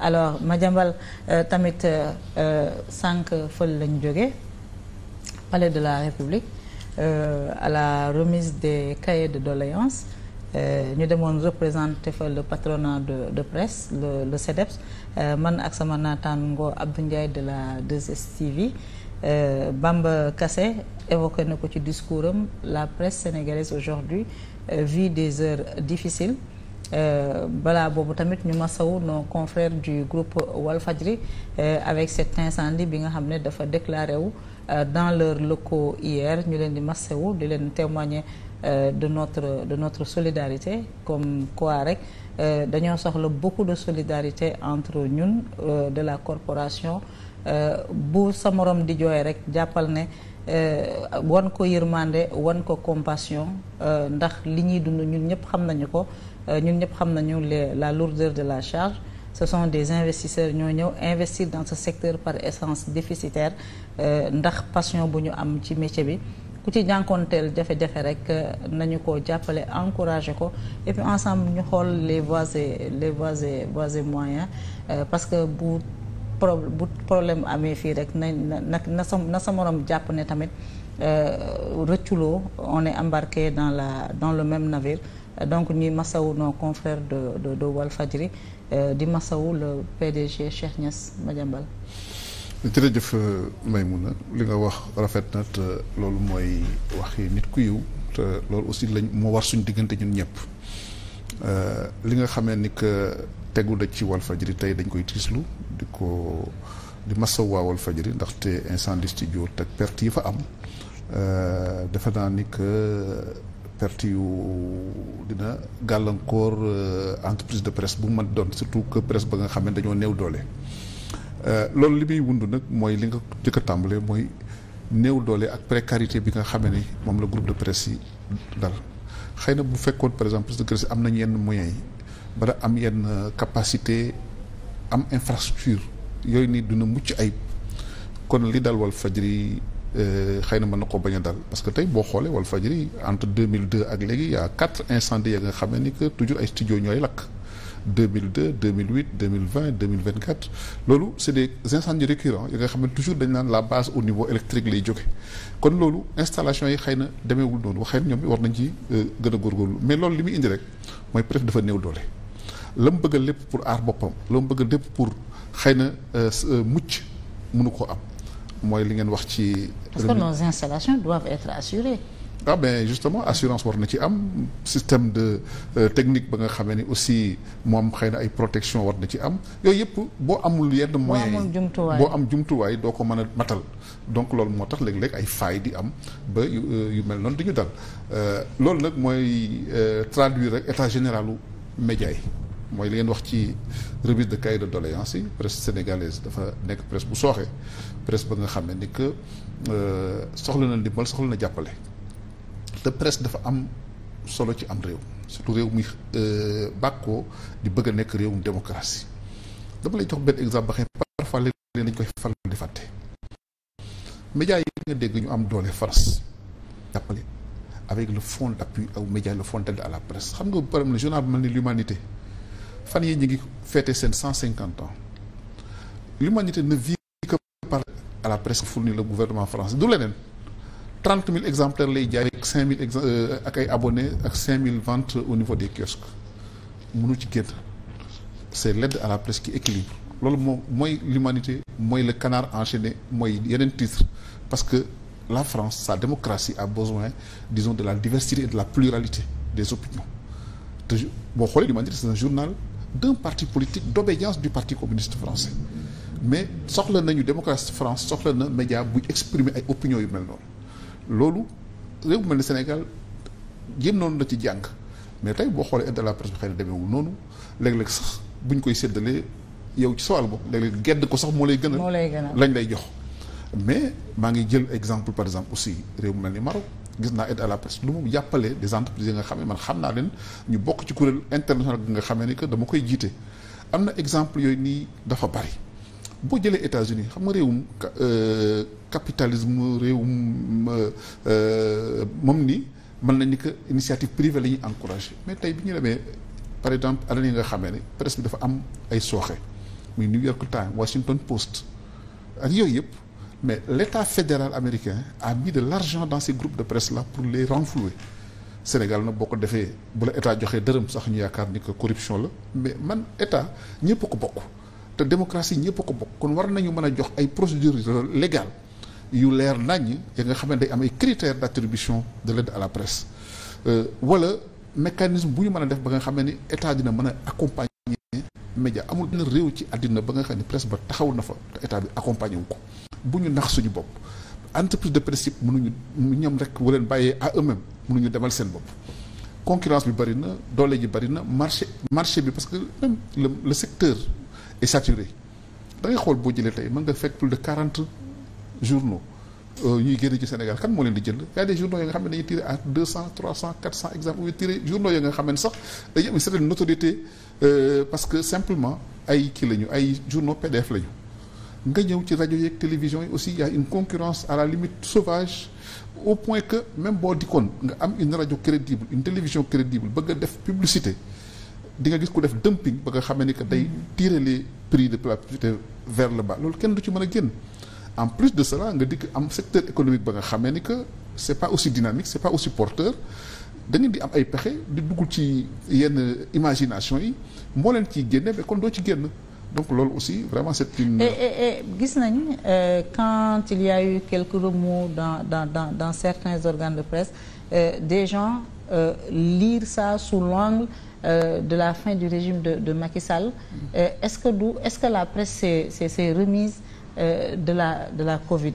alors Madiambal euh, tamit euh, euh, sànq fël lañ jóge palais de la République à la remise des cahiers de doléances ñu demoon représenté fa le patronat de de presse le le e man ak sama naataango Abdou Ndiaye de la 2STV Bamba kase évoqué na ko ci discours am la presse sénégalaise aujourd'hui vit des heures difficiles Euh, balaa boobu tamit ñu masawu no confrères du groupe Walfadjri euh, avec cet incendie bi nga xam ne dafa déclaré wu euh, dans leur locaux hier ñu leen di masawu di leen témoigner de notre de notre solidarité comme quoi rek dañoo soxla beaucoup de solidarité entre ñun de la corporation bu sa morom di jooy rek jàppal ne wan ko yërmande wan ko compassion ndax li ñuy dund ñun ñëpp xam nañu ko Euh, ñun ñëpp xam nañu les la lourdeur de la charge ce sont des investisseurs ñoo ñëw investir dans ce secteur par essence déficitaire euh, ndax passion bu ñu am ci métier bi ku ci jànkoonteel jafe-jafe rek euh, nañu ko jàppale encouragé ko et puis ensemble ñu xool les voies et les voies et voies moyens parce que bu pro bu problème amee fii rek na na na sa na sa jàpp ne tamit rëcculoo on est embarqué dans la dans le même navire donc ñuy masawu nos confrères de de de Walfadjri euh, di masawu le PDG Cheikh Niass Madiambal. jërëjëf euh, Maymouna li nga wax rafet na te loolu mooy waxi nit ku yiw te loolu aussi lañ moo war suñ diggante ñun ñëpp euh, li nga xamee ni que tegu da ci Walfadjri tey dañ koy tiislu di ko di masaw waa Walfadjri ndaxte incendie studio te perte yi fa am defe naa ni que. perte yu dina gàllankoor euh, entreprise de presse bu mën doon surtout que presse ba nga xam ne dañoo néew doole. Euh, loolu li muy wund nag mooy li nga jëkk a tàmbalee mooy néew doole ak précarité bi nga xam ni moom la groupe de presse yi dal xëy na bu fekkoon par exemple presse de presse am nañ yenn moyens yi bara am yenn capacité am infrastructure yooyu nii duna mucc ayib kon li dal Walfadjri Euh, xëy na mën na ko bañ a dal parce que tey boo xoolee Walfadjri entre 2002 ak léegi y' a quatre incendies ya nga xam ne ni que toujours ay studio ñooy lakk 2002 2008 2020 2024 loolu c' est des incendies récurrents yi ne toujours dañ naan la base au niveau électrique lay jóge kon loolu installation yi xëy na demeewul noonu waxee ñoom war nañ ci euh, gën a góorgóorlu mais loolu li muy indi rek mooy préf dafa néew doole la mu bëgg lépp pour aar boppam la mu bëgg lépp pour xay na euh, mucc mënu koo am mooy li ngeen wax ci. parce que nos installations doivent être assurées. ah ben justement assurance war na ci am système de euh, technique ba nga xamee ni aussi moom xëy na ay protection war na ci am yooyu yëpp boo amul yenn moyen yi boo am jumtuwaay doo ko mën a matal donc loolu moo tax léeg-léeg ay failles di am ba yu euh, mel noonu dañu dal euh, loolu nag mooy traduire rek état généralu média yi mooy li ngeen wax ci remise de cahier de doléances yi presse sénégalaise dafa nekk presse bu sooxee presse ba nga xam ne ni euh, soxla na ndimbal soxla na jàppale te presse dafa am solo ci am réew surtout réew mi euh, bàkkoo di bëgg a nekk réewum démocratie dama lay jox benn exemple ba xam parfois léeg-léeg dañ koy faral di fàtte médias yi nga dégg ñu am doole far jàppale avec le fonds d'appui aux médias le fonds d'aide à la presse xam nga par exemple le journal bu mel ni l'humanité fan yii ñu ngi fêté seen cent cinquante ans l'humanité ne la presse fourni le gouvernement français du leneen trente mille exemplaires lay jaay ak cinq mille euh, ak ay abonnés ak cinq mille ventes au niveau des kiosques mënu ci génn c'est l'aide à la presque qui équilibre loolu moom mooy l'humanité mooy le canard enchaîné mooy yeneen titre parce que la France sa démocratie a besoin disons de la diversité et de la pluralité des opinions te boo xoolee l'humanité c'est un journal d'un parti politique d'obédience du parti communiste français mais soxla nañu démocratie France soxla na média buy exprimer ay opinion yu mel noonu loolu réew mel ni Sénégal jéem noonu la ci jàng mais tey boo xoolee aide à la presse bi xëy na demeewul noonu léeg-léeg sax buñ koy séddalee yow ci sawal boobu léeg-léeg gedd ko sax moo lay gënal lañ lay jox mais maa ngi jël exemple par exemple aussi réew mu mel ni Maroc gis naa aide à la presse lu mu jàppale des entreprises nga xam ne man xam naa leen ñu bokk ci kuréel international bi nga xamee ni que dama koy jiite am na exemple yooyu nii dafa bari boo jëlee États-Unis xam nga réewum euh, capitalisme réewum euh, euh, moom ni mën nañu que initiative privée la ñuy encouragé mais tey bi ñu demee par exemple année yi nga xamee ne presse bi dafa am ay sooxe muy New York Times Washington Post ak yooyu yëpp mais l'État fédéral américain a mis de l'argent dans ces groupes de presse là pour les renflouer Sénégal nag boo ko defee bu la etat joxee dërëm sax ñu yaakaar ni que corruption la mais man État ñëpp ko bokk te démocratie ñëpp ko bokk kon war nañu mën a jox ay procédures légales yu leer naññ ya nga xam ni day am ay critères d'attribution de l'aide à la presse euh, wala mécanisme bu ñu mën a def ba nga xamee ne état dina mën a accompagner média amul benn réew ci àddina ba nga xam ne presse ba taxaw na fa état bi accompagner wu ko bu ñu nax suñu bopp entreprise de presse yëpp mënuñu ñoom rek waleen bàyyee à eux-mêmes mënuñu demal seen bopp concurrence bi bëri na doole ji bëri na marché marché bi parce que le secteur est saturé da xool boo jëlee tey mën nga fekk plus de quarante journaux ñuy euh, génn ci Sénégal kan moo leen di jënd y a journaux yi nga xam ne dañuy tiré à deux cent trois cent quatre cent exemples yu tiré journaux yi nga xam ne sax dañuy am une certaine notoriété euh, parce que simplement ay kii la ñu ay journaux PDF la nga ñëw ci rajo yeeg télévision yi aussi y une concurrence à la limite sauvage au point que même boo dikkoon nga am une rajo crédible une télévision crédible bëgg a def publicité di nga gis ku def dumping ba nga xamee ni que day tirer les prix de l'électricité vers le bas loolu kenn du ci mën a génn en plus de cela nga dikk am secteur économique ba nga xamee ni que c'est pas aussi dynamique c'est pas aussi porteur da ngeen di am ay pexe di dugg ci yenn imagination yi moo leen ciy génne mais kon doo ci génn donc loolu aussi vraiment c'est une. et gis nañ euh, quand il y a eu quelques remous dans dans dans dans certains organes de presse euh, des gens euh, lire ça euh, de la fin du régime de de Macky Sall. Euh, est-ce que du est-ce que la presse s'est s'est s'est remise euh, de la de la Covid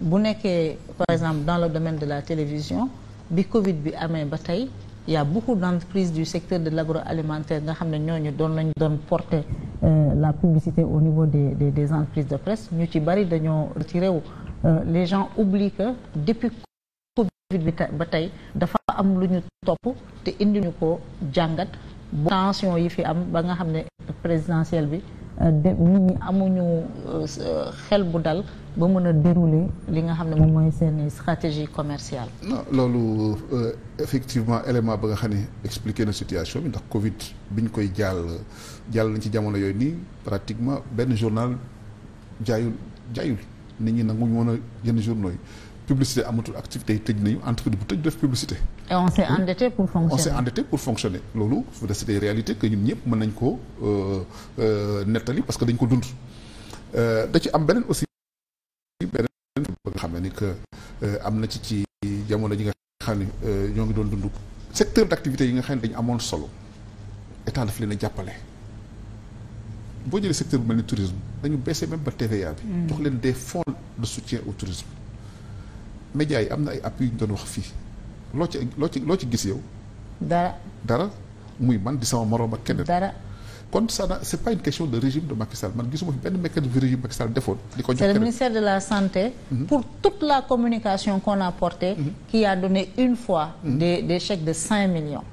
bu nekkee par exemple dans le domaine de la télévision bi Covid bi amee ba tey il y a beaucoup d'entreprises du secteur de alimentaire nga xam ne ñooñu doon lañu doon porter euh, la publicité au niveau des des, des entreprises de presse ñu ci bari dañoo retiré wu les gens oublient que depuis Covid bi ba tey dafa am lu ñu topp te indi ñu ko jàngat bu tension yi fi am ba nga xam ne présidentielle bi euh, de nit ñi amuñu euh, xel bu dal ba mën a dérouler li nga xam ne moom mooy seen stratégie commerciale. loolu euh, effectivement élément ba nga xam ne expliqué na situation bi ndax Covid bi ñu koy jàll jàll nañ ci jamono yooyu nii pratiquement benn journal jaayul jaayul nit ñi nag mu mën a jënd journaux yi. publicité amatul activité yi tëj nañu entreprise bu tëj def publicité. et on pour fonctionner loolu c'est des réalités que ñun mën nañ ko euh, euh, nettali parce que dañ ko dund. Euh, da ci am beneen aussi beneen ba xam ne ni que am na ci ci jamono ji nga xam ne ñoo ngi doon dund. secteur d'activité yi nga xam ne dañ amoon solo état daf leen jàppale. boo jëlee secteur bu mel ni tourisme dañu baissé même ba TVA bi. Mm. jox leen des fonds de soutien au médias yi am na ay appui yu ñu doon wax fii loo ci loo ci loo ci gis yow. dara dara muy man di sama moroom ak keneen. dara kon ça na c'est pas une question de régime de Macky man gisuma fi benn mécanisme bi defoon. di ko jox c'est le mhm. la communication qu'on a portée. Mhm. qui a donné une fois. Mhm. des des chèques de cinq millions.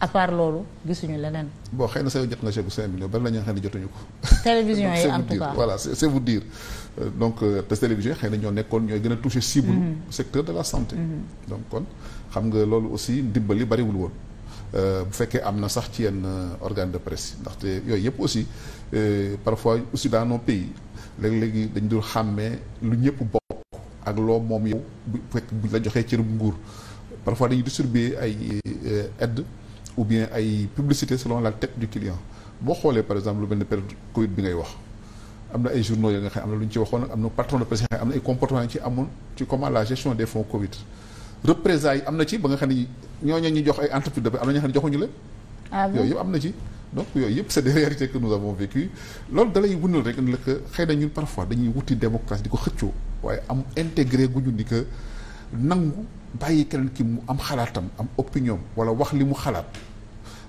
à part loolu gisuñu leneen. bon xëy na sa yow jot nga chèque bu bari na ñoo jotuñu ko. télévision yi en tout cas voilà c'est vous dire. Euh, donc euh, te télévision xëy na ñoo nekkoon ñooy gën a touché cible mhm. secteur de la santé mhm. donc kon xam nga loolu aussi ndimbali bariwul woon euh, bu fekkee am na sax ci yenn organe de presse ndaxte yooyu yëpp aussi parfois aussi dans nos pays léeg-léegi dañ dul xàmmee lu ñëpp bokk ak loo moom yow bu fekk buñ la joxee cërub nguur parfois dañuy distribuer ay aide ou bien ay publicité selon la tête du client boo xoolee par exemple lu mel ne période Covid bi ngay wax am na ay journaux ya nga xam am lu ñu ci waxoon am na patron de presse yi nga xam am na ay comportement yi ci amoon ci comment la gestion des fonds Covid représailles am na ci ba nga xam ne ñooñu ñu jox ay entreprise de am na ñoo ah yëpp am na ci donc yooyu yëpp c'est des réalités que nous avons vécu loolu da lay wunal rek ne la que xëy na ñun parfois dañuy wuti démocratie di ko xëccoo waaye am intégré gu ñu ni que nangu bàyyi keneen ki mu am xalaatam am opinion wala wax li mu xalaat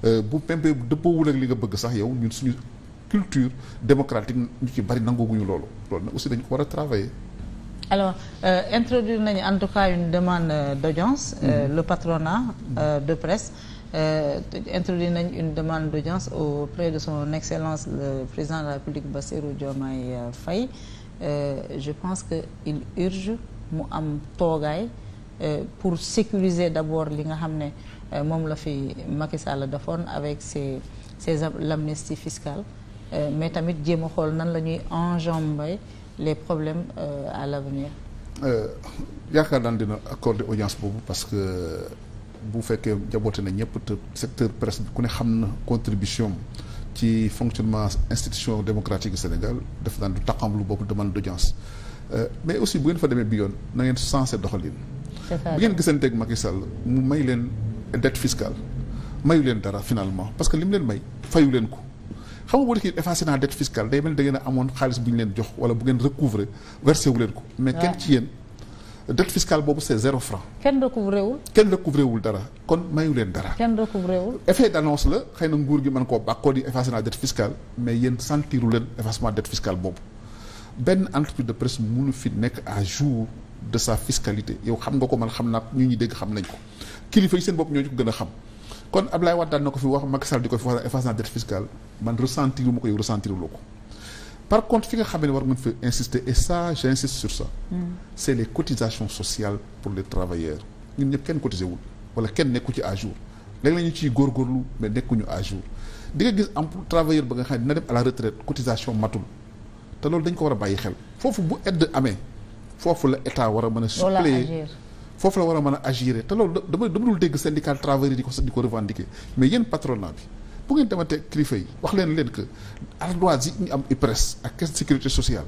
euh, bu même dëppoowul ak li nga bëgg sax yow ñun suñu. culture démocratique ñu ci bari nanguwuñu loolu loolu nag aussi dañu ko war a travailler. alors euh, introduire nañu en tout cas une demande euh, d'audience euh, mm -hmm. le patronat euh, de presse euh, introduire nañu une demande d'audience auprès de son excellence le président de la République Bassirou Diomaye euh, Faye je pense que il urge mu am toogaay pour sécuriser d'abord li nga xam ne moom la fi Macky Sall defoon avec ses ses l'amnistie fiscale Euh, mais tamit jéem a xool nan la ñuy enjamber les problèmes euh, à l'avenir euh, yaakaar naan dina accorder audience boobu parce que bu fekkee jaboote na ñëpp te secteur presse ku ne xam na contribution ci fonctionnement institution démocratique du Sénégal def naan du taqam lu boobu demande d'audience mais aussi bu ngeen fa demee bi yoon na ngeen sensé doxalin bi ngeen gisanteeg Macky Sall mu may leen dette fiscale mayu leen dara finalement parce que li mu leen may fayu leen ko xam nga boo defee effacé naa dette fiscale day mel da ngeen amoon xaalis bu ñu leen jox wala bu ngeen recouvrer versé wu leen ko. mais kenn ci yéen dette fiscale boobu c' est zéro franc. kenn recouvré wul. kenn recouvré wul dara kon mayu leen dara. kenn effet d' annonce la xëy na nguur gi mën koo bàkkoo di effacé naa dette fiscale mais yéen sentiru leen effacement dette fiscale boobu benn entreprise de presse mënu fi nekk à jour de sa fiscalité yow xam nga ko man xam naa ñu ñuy dégg xam nañ ko kilifa yi seen bopp ñoo ñu gën a xam. kon Ablaye Wade daan na ko fi wax Macky Sall di ko fi wax dette fiscale man ressentir wu ma ko yow ressentir ko par contre fi nga xam ne war nga fi insister et ça j'insiste sur ça. Mm. c'est les cotisations sociales pour les travailleurs ñun ñëpp kenn cotisé wul kenn nekku ci à jour léeg-léeg ñu ciy mais nekkuñu à jour gis am travailleur ba nga xam ne dina dem à la cotisation matul te loolu dañ ko war a bàyyi xel foofu bu aide amee foofu a a. suppléer foofu la war a mën a agir te loolu dama dama dul dégg syndicat travailleurs yi di ko di ko revendiquer mais yéen patronat bi bu ngeen dematee kilifa yi wax leen leen que ardoise ñu am IPRES ak caisse sécurité sociale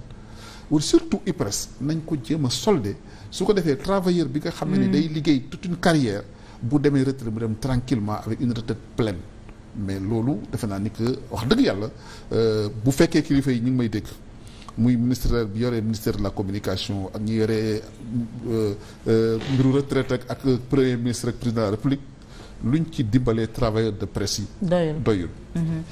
wala surtout IPRES nañ ko jéem a solde su ko defee travailleur bi nga xam ne ni hmm. day liggéey toute une carrière bu demee retraite mu dem tranquillement avec une retraite pleine mais loolu defe naa ni que wax dëgg yàlla euh, bu fekkee kilifa yi ñu ngi may dégg muy ministère bi yore ministère de la communication ak ñu yore euh, euh, mbiru retraite ak ak premier ministre ak président de la république luñ ci dimbalee travailleur de presse yi doyul mhm.